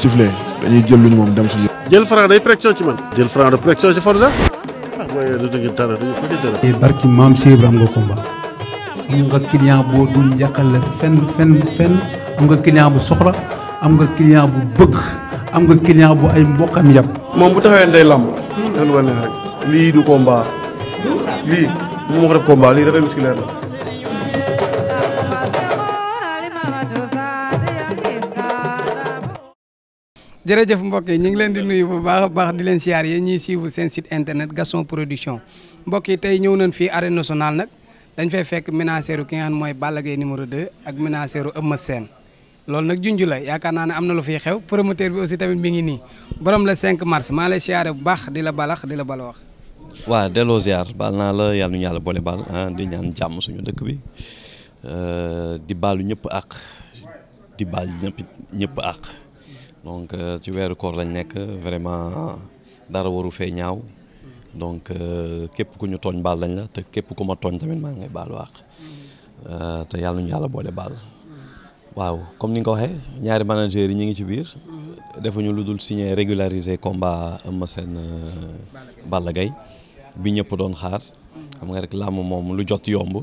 sifflé dañuy jël lu ñu moom dem suñu. jël franc day pression ci man. jël franc de pression ci Forza. ah mooy lu dëgg dara du fa dara. Eh, barki maam Cheikh Ibrahima am nga combat. boo dul yàqal fenn fenn fenn am nga client bu soxla am nga client bu bëgg am nga client bu ay mbokkam yàpp. moom bu taxawee day lamb. lii du combat. lii mu wax rek combat lii dafay musculaire la. jërëjëf mbokk yi ñu ngi leen di nuyu bu baax a baax di leen siyaar yéen ñuy suivre seen site internet gason Production mbokk yi tey ñëw nañ fii arène national nag dañ fay fekk menaceru ki nga xam mooy Balla Gaye numéro de ak menaceru Eumeu Sène loolu nag junj la yaakaar naa ne am na lu fiy xew promoteur bi aussi tamit mi ngi nii borom la 5 mars maa lay siyaare bu baax di la balax di la bala wax waaw delloo ziar baal naa la yàlla ñu yàlla boole baal ah di ñaan jàmm suñu dëkk bi euh, di ñëpp àq di àq donc euh, ci weeru koor lañ nekk vraiment dara waru fee ñaaw donc euh, képp ku ñu tooñ baal lañ la te képp ku ma tooñ tamit maa ngi lay baal waax euh, te yàlla ñu yàlla boole baal waaw comme ni nga ko waxee ñaari manager yi ñu ngi ci biir defuñu lu dul signé régulariser combat Eumeu Sène Balla Gaye bi ñëpp doon xaar xam nga rek làmb moom lu jot yomb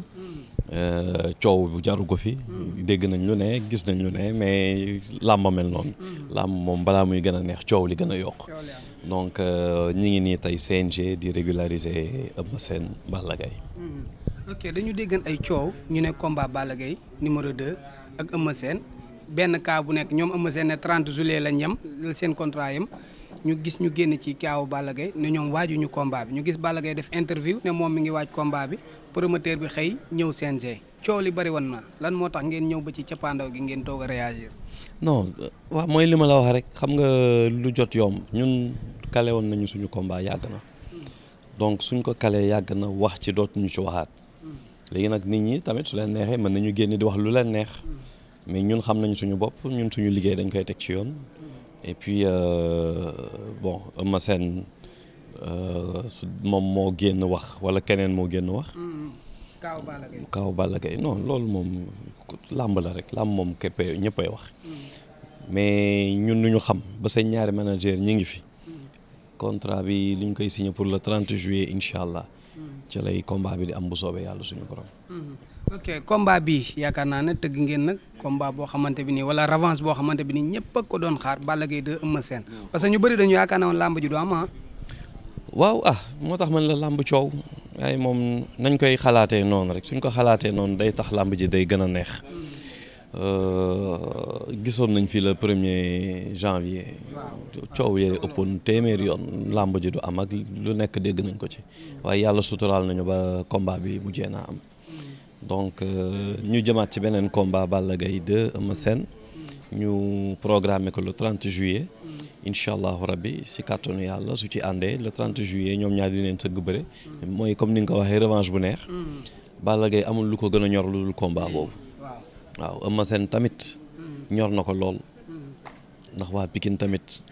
Euh, coow bu jaru ko fi. Hmm. dégg nañ lu ne gis nañ ne mais làmb mel noonu. Hmm. làmb moom balaa muy gën a neex coow li gën a yokk. donc euh, ñi ngi nii tey CNG di régulariser Eumeu Sène Balla hmm. dañu déggan ay coow ñu ne combat Balla Gaye numéro 2 ak Eumeu Sène benn cas bu nekk ñoom Eumeu Sène ne 30 juillet la yem seen contrat yem. ñu gis ñu génn ci kaawu Balla Gaye ne ñoom waajuñu combat bi ñu gis Balla Gaye def interview ne moom mi ngi waaj combat bi promoteur bi xëy ñëw CNG coow li bari woon na lan moo tax ngeen ñëw ba ci cappaandaw gi ngeen doog a réagir. non waaw mooy li ma la wax rek xam nga lu jot yomb ñun kale woon nañu suñu combat yàgg na donc suñ ko kalee yàgg na wax ci dootuñu ci waxaat léegi nag nit ñi tamit su leen neexee mën nañu génne di wax lu leen neex mais ñun xam nañu suñu bopp ñun suñu liggéey dañ koy teg ci yoon et puis euh, bon ma seen Euh, moom moo génn wax wala keneen moo génn wax. Mm-hmm. Kaaw Balla Gaye Kaaw Balla Gaye non loolu moom làmb la rek làmb moom képpee ñëppay wax. Mm-hmm. mais ñun lu ñu xam ba seen ñaari manager ñi ngi fi. Mm-hmm. contrat bi li ñu koy signé pour le trente juillet incha allah. ci lay combat bi di am bu soobee yàlla suñu borom. ok combat bi yaakaar naa ne tëgg ngeen nag combat boo xamante bi nii wala revanche boo xamante bi nii ñëpp a ko doon xaar Balla Gaye 2 Eumeu Sène parce ñu bëri dañu yaakaar naa woon làmb waaw ah moo tax man la làmb coow waaye moom nañ koy xalaatee noonu rek suñ ko xalaatee noonu day tax làmb ji day gën a neex euh, gisoon nañ fii le premier janvier coow yee ëppoon téeméer yoon làmb ji du am ak lu nekk dégg nañ ko ci waaye yàlla suturaal nañu ba combat bi mujjee naa am donc euh, ñu jëmaat ci beneen combat Balla Gaye 2 Eumeu Sène ñu programme ko le 30 juillet incha allahu rabbi si kàttanu yàlla su ci àndee le 30 juillet ñoom ñaar neen sëgg bëre mooy comme ni nga ko waxee revanche bu neex Balla amul lu ko gën a ñor lu dul combat boobu waaw tamit ñor na ko lool ndax waa Pikine tamit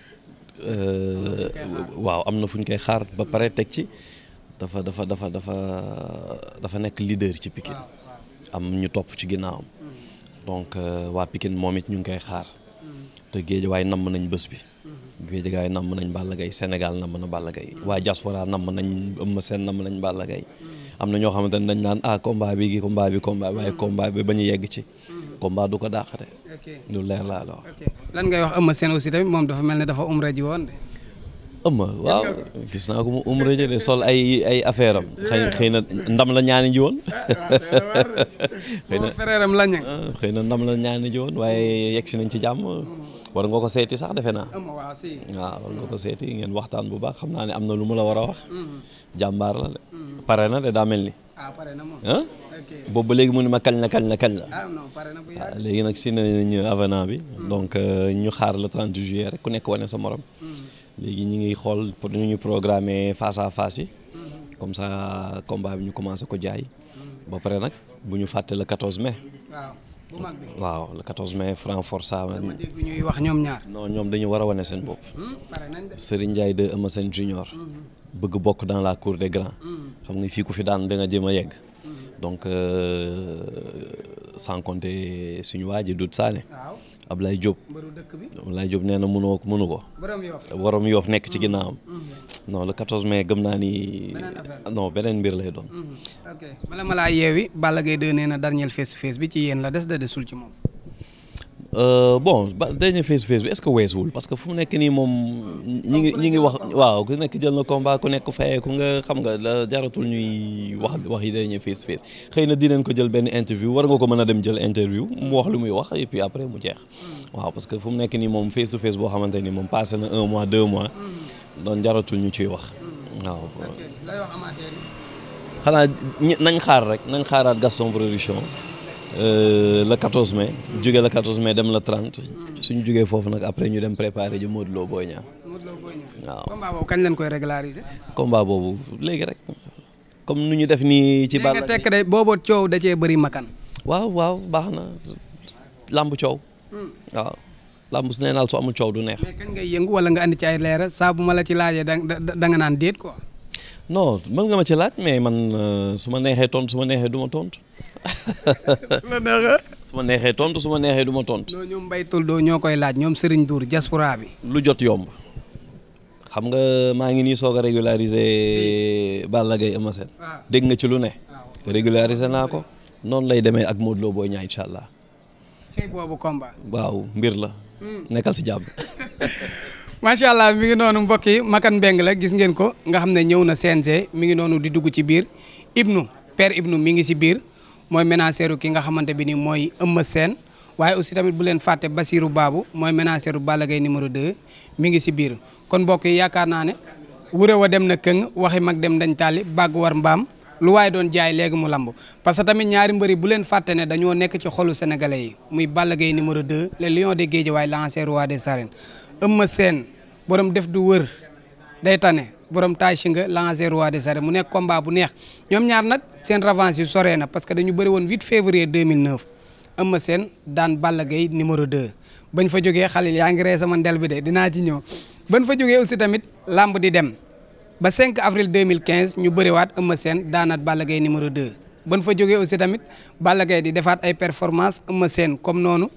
euh, waaw am na fu ñu koy xaar ba pare teg ci dafa dafa dafa dafa dafa nekk leader ci Pikine am ñu topp ci ginnaawam donc euh, waa Pikine moom it ñu ngi koy xaar te Géejawaay namm nañ bés bi Géejawaay namm nañ Balla Gaye Sénégal namm na Balla Gaye waa diaspora namm nañ Eumeu Sène namm nañ Balla Gaye am na ñoo xamante ne dañ naan ah combat bi gi combat bi combat bi waaye combat bi ba ñu yegg ci combat du ko dàqate. ok lu leer laa la wax. lan ngay wax Eumeu Sène aussi tamit moom dafa mel ne dafa umra ji woon ëmma waaw gis naa ko mu umra ji sol ay ay affaire am xëy na ndam la ñaani ji woon ah, ah, la ah, xëy na ndam la ñaani ji waaye yegg si nañ ci jàmm war ngoo ko seeti sax defe naa waaw war nga ko mm. seeti ngeen waxtaan bu baax xam naa ne am na lu mu la war a wax mm. jàmbaar la de mm. pare na de daa mel ni ah boobu ba léegi mu ne ma kañ la kañ la ah, ah, léegi nag si ne nañu avenant bi donc euh, ñu xaar le 30 juillet rek ku nekk wane sa morom léegi ñu ngi xool pour ñu ñu programmer face à face yi mm-hmm. comme ça combat bi ñu commencé ko jaay ba pare nag bu ñu fàtte le 14 mai waaw le 14 mai franc forçat dama wax ñoom ñaar. noo ñoom dañu war a wane seen bopp. Hmm, Serigne Ndiaye de Eumeu Sène junior. Hmm. bëgg bokk dans la cour des grands. Hmm. xam nga fii ku fi daan danga nga jëm a yegg. donc euh, sans compter suñu waa ji Doudou Sané. Ablaye Diop Ablaye Diop nee na mënoo mënu ko waram yoof nekk ci ginnaawam mm-hmm. Mm-hmm. non le 14 mais gëm naa ni non beneen mbir lay doon mm-hmm. ok bala laa yeewi bala Gaye 2 nee na dernier face bi ci yéen la des da desul ci moom Euh, bon dernier face to face bi est-ce que weesuwul parce que fu mu nekk nii moom ñi ngi ñi ngi wax waaw ku nekk jël na combat ku nekk fayee ku nga xam nga la jaratul ñuy wax wax yi dernier face to face xëy na dinañ ko jël benn interview war nga ko mën a dem jël interview mu wax lu muy wax et puis après mu jeex hmm. waaw parce que fu mu nekk nii moom face to face boo xamante ni moom passé na un mois deux mois hmm. doon jaratul ñu ciy wax hmm. waaw xanaa nañ xaar rek nañ xaaraat Gaston Production Euh, le 14 mais jóge la 14 mais dem la 30. suñu jógee foofu nag après ñu dem préparer ju Modou Lo Boy ñaa Modou Lo waaw. combat boobu kañ lañ koy régulariser. combat boobu léegi rek comme nu ñu def nii. ci Balla nga tekk de booboo coow da cee bëri makan waaw waaw baax na làmb coow. Hmm. waaw làmb su neenaal su amul coow du neex. mais ngay yëngu wala nga ci ay leeral saa bu ma la ci laajee da da nga naan déet quoi. non mën nga ma ci laaj mais man euh, su ma neexee tontu su ma neexee du ma tontu. la neexee. su ma neexee tontu su ma neexee du ma tontu. non ñoom Mbaye Toldo ñoo koy laaj ñoom Serigne Dour diaspora bi. lu jot yomb. xam nga maa ngi nii soog a régulariser Balla Gaye Eumeu Sène. Ah. dégg nga ci lu ne. Ah, régulariser naa ko. noonu lay demee ak Modou Lo Boy Niang incha allah. boobu combat. waaw mbir la. Hmm. nekkal si jàmm. macha allah mi ngi noonu mbokk yi Makan Mbeng la gis ngeen ko nga xam ne ñëw na CNG mi ngi noonu di dugg ci biir Ibnu père Ibnu mi ngi si biir mooy ménageru ki nga xamante bi nii mooy Eumeu seen waaye aussi tamit bu leen fàtte Basirou Babou mooy ménageru Balla Gaye numéro 2 mi ngi si biir kon mbokk yi yaakaar naa ne wuré wa dem na këng waxi mag dem dañ taali bàgg war mbaam lu waaye doon jaay léegi mu lamb parce que tamit ñaari mbëri bu leen fàtte dañoo nekk ci xolu sénégalais yi muy Balla Gaye numéro 2 le lion de Guédiawaye l'ancien roi des arènes Eumeu seen borom def du wër day tane borom taashi nga lancé roi des arènes mu nekk combat bu neex ñoom ñaar nag seen revanche yu soree na parce que dañu bëri woon 8 février 2009 Eumeu Sène daan Balla Gaye numéro 2 bañ fa jógee xalil yaa ngi ree bi de dinaa ci ñëw bañ fa jógee aussi tamit lamb di dem ba 5 avril 2015 ñu bëriwaat Eumeu Sène daanaat Balla Gaye numéro 2 bañ fa jógee aussi tamit Balla di defaat ay performance Eumeu seen comme noonu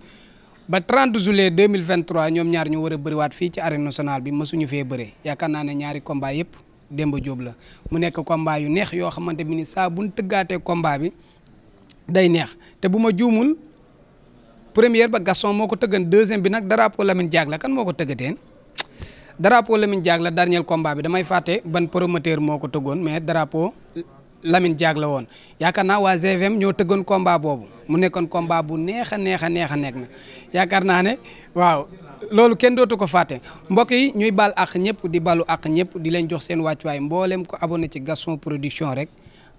ba 30 juillet 2023 ñoom ñaar ñu war a bëriwaat fii ci arène nationale bi mësuñu fee bëree yaakaar naa ne ñaari combat yëpp Demba Diop la mu nekk combat yu neex yoo xamante bi ni saa buñ tëggaatee combat bi day neex te bu ma juumul première ba Gaston moo ko tëggan deuxième bi nag drapeau Lamine jaag la kan moo ko tëggateen drapeau Lamine Diack la dernier combat bi damay fàtte ban promoteur moo ko tëggoon mais drapeau Lamine Diack la woon yaakaar naa waa GFM ñoo tëggoon combat boobu mu nekkoon combat bu neex a a neex a nekk na yaakaar naa ne waaw loolu kenn dootu ko fàtte mbokk yi ñuy baal ak ñëpp di balu ak ñëpp di leen jox seen wàccuwaay mboolem ko abonné ci Gaston Production rek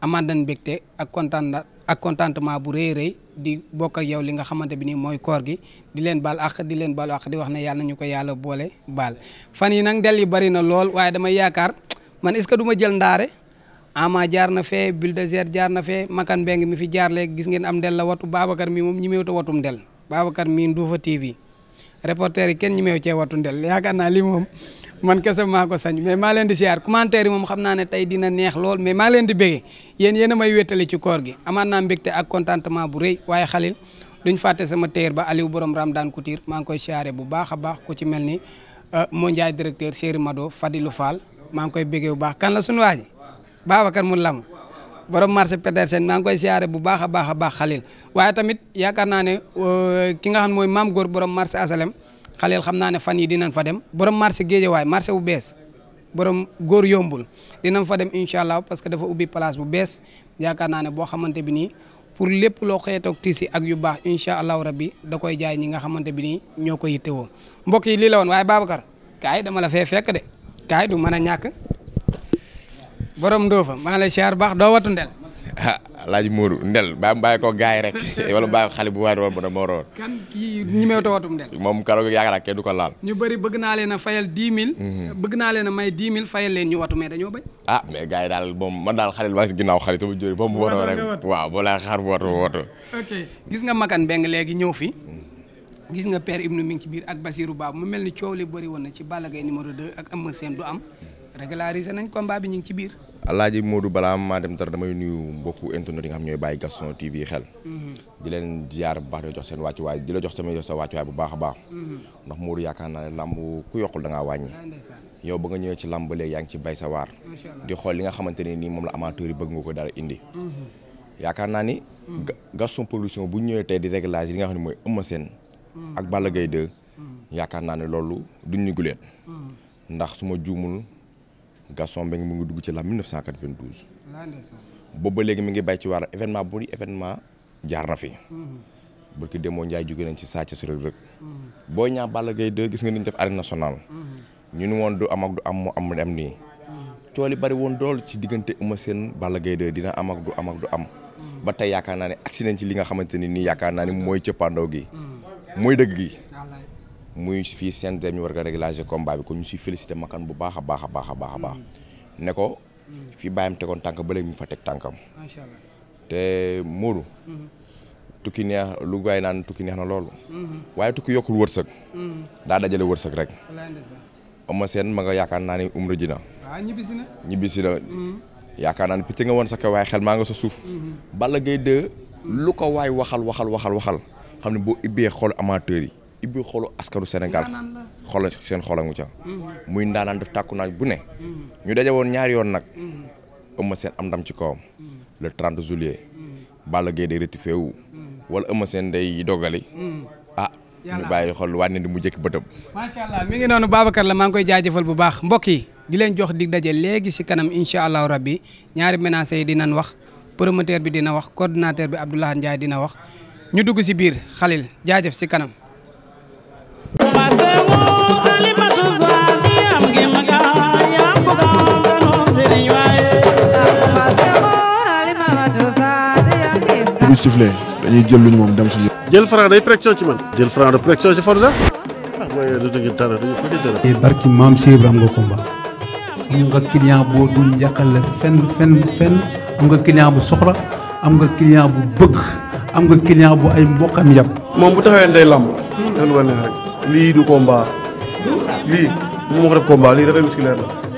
amaan mbégte ak kontaan ak contentement bu rëy rëy di bokk yow li nga xamante bi nii mooy koor gi di leen baal ak di leen balu ak di wax ne yàlla nañu ko yàlla boole baal fan yi nag del yi bari na lool waaye dama yaakaar man est-ce que du ma jël ndaare ama jaar na fee bulldozer jaar na fee makan mbeng mi fi jaar léegi gis ngeen am ndel la watu Babacar mi moom ñi meew ta watum ndel Babacar mi Nduufa TV reporter yi kenn ñi meew cee watu ndel yaakaar naa li moom man kese maa ko sañ maa leen di siyaar commentaire yi moom xam naa ne tey dina neex lool mais maa leen di bége yéen yéen may wéttali ci koor gi amaat naa mbégte ak contentement bu rëy waaye xalil duñ fàtte sama téer ba Aliou borom Ramdan Couture maa ngi koy siyaare bu baax a baax ku ci mel ni euh, Mondiaye directeur Chéri Mado Fadilou Fall maa ngi koy bége bu baax kan la suñu waa ji Babacar mu lam borom marché Petersen maa ngi koy siyaare bu baax a baax a baax xalil waaye tamit yaakaar naa ne euh, ki nga xam mooy maam góor borom marché asalem xalil xam naa ne fan yi dinañ fa dem borom marché géejawaay marché bu bees borom góor yombul dinañ fa dem incha allah parce que dafa ubbi place bu bees yaakaar naa ne boo xamante bi nii pour lépp loo xeetoog tisi ak yu baax incha allahu rabbi da koy jaay ñi nga xamante bi nii ñoo koy yittewoo mbokk yi lii la woon waaye Babacar kaay dama la fee fekk de kaay du mën a ñàkk borom ndóofa maa lay siyaar baax doo watu ndel ah alaaji Mourou ndel ba bàyyi ko gaay rek wala baa ko xale bu waay doon bu ne moo doon kan kii ñimew ta watum ndel moom ko laal ñu bëri bëgg naa leen fayal dix mille mhm. bëgg naa leen a may dix mille leen ñu watu mais dañoo bañ ah mais gars yi daal moom man daal xale maa ngi rek waaw boo laa xaar bu watu watu gis nga Makan Beng léegi ñëw fi gis nga père Ibnu mi ngi ci biir ak Basirou baa mu mel ni coow li bari woon na ci Balla Gaye numéro 2 ak Eumeu seen du am régularisé nañ combat bi ñu ngi ci biir. Alaaji Modou balaa maa dem dara damay nuyu mbokku internet yi nga xam ñooy bàyyi Gaston TV xel. Mhm. di leen ziar bu baax di jox seen wàccuwaay di la jox sama jox sa wàccuwaay bu baax a baax. Mhm. ndax Modou yaakaar naa ne làmb ku yokkul da ngaa ah, yow ba nga ñëwee ci làmb yaa ngi ci bay sa waar. di xool li nga xamante ne nii moom la amateur yi bëgg ko daal indi. Mhm. yaakaar naa ni. Gaston Production bu ñëwee tey di réglage li nga xam ne mooy Eumeu Sène. ak Balla Gaye 2. yaakaar naa ne loolu du ñu guleet. ndax su juumul Gaston Mbengue mu ngi dugg ci la 1992. boobu ba léegi mi ngi bay ci waar événement bu événement jaar na fi. Mhm. burki demoo Ndiaye jóge nañ ci saa ci rek rek. Boy Niang Balla Gaye gis nga ni ñu def arène nationale. Mhm. ñu ni woon du am ak du am mu am mu am nii. Mhm. cool yi bari woon dool ci diggante Eumeu seen Balla Gaye 2 dina am ak du am du am. ba tey yaakaar naa ne agsi nañ ci li nga xamante ni nii yaakaar naa ne mooy cëppaandaw gi. mooy dëgg gi. muy fii seen dem ñu war nga réglager combat bi ñu si félicité Makan bu baax a baax a baax a mm. ne ko mm. fi bàyyam tegoon tànk ba léegi mu fa teg tànkam te Modou mm-hmm. tukki neex lu gaay naan tukki neex na loolu mm-hmm. waaye tukki yokkul wërsëg mm-hmm. daa dajale wërsëg rek ama seen ma nga yaakaar naa ni umra ji na ah, ñibbisi na ñibbisi yaakaar naa ne picc nga woon sa waaye xel maa nga sa suuf bala Gaye 2 lu ko waay waxal waxal waxal waxal xam ne boo ibbee xool amateur yi ibbi xolu askanu Sénégal xol seen xolangu ca mm-hmm. muy ndaanaan def tàkku naaj bu ne mm-hmm. ñu daje woon ñaari yoon nag mm-hmm. Eumeu Sène am ndam ci kawam le 30 juillet Balla Gaye day rectifié wu wala Eumeu Sène day dogali ah ñu bàyyi xol waa ne di mu jëkk bëtëb macha allah mi ngi noonu Babacar la maa ngi koy jaajëfal bu baax mbokk yi di leen jox di daje léegi si kanam incha allahu rabbi ñaari menaces yi dinañ wax promoteur bi dina wax coordinateur bi Abdoulaye Ndiaye dina wax ñu dugg si biir xalil jaajëf si kanam bu sifflé dañuy jël lu ñu moom dem suñu. jël franc day pression ci man. jël franc de pression ci Forza. ah barki maam Cheikh Ibrahima am nga combat am nga client boo dul yàqal fenn fenn fenn am nga client bu soxla am nga client bu bëgg am nga client bu ay mbokkam yàpp. moom bu taxawee day làmb. Hmm. lii du combat lii mu ma ko def combat lii dafay musculaire la.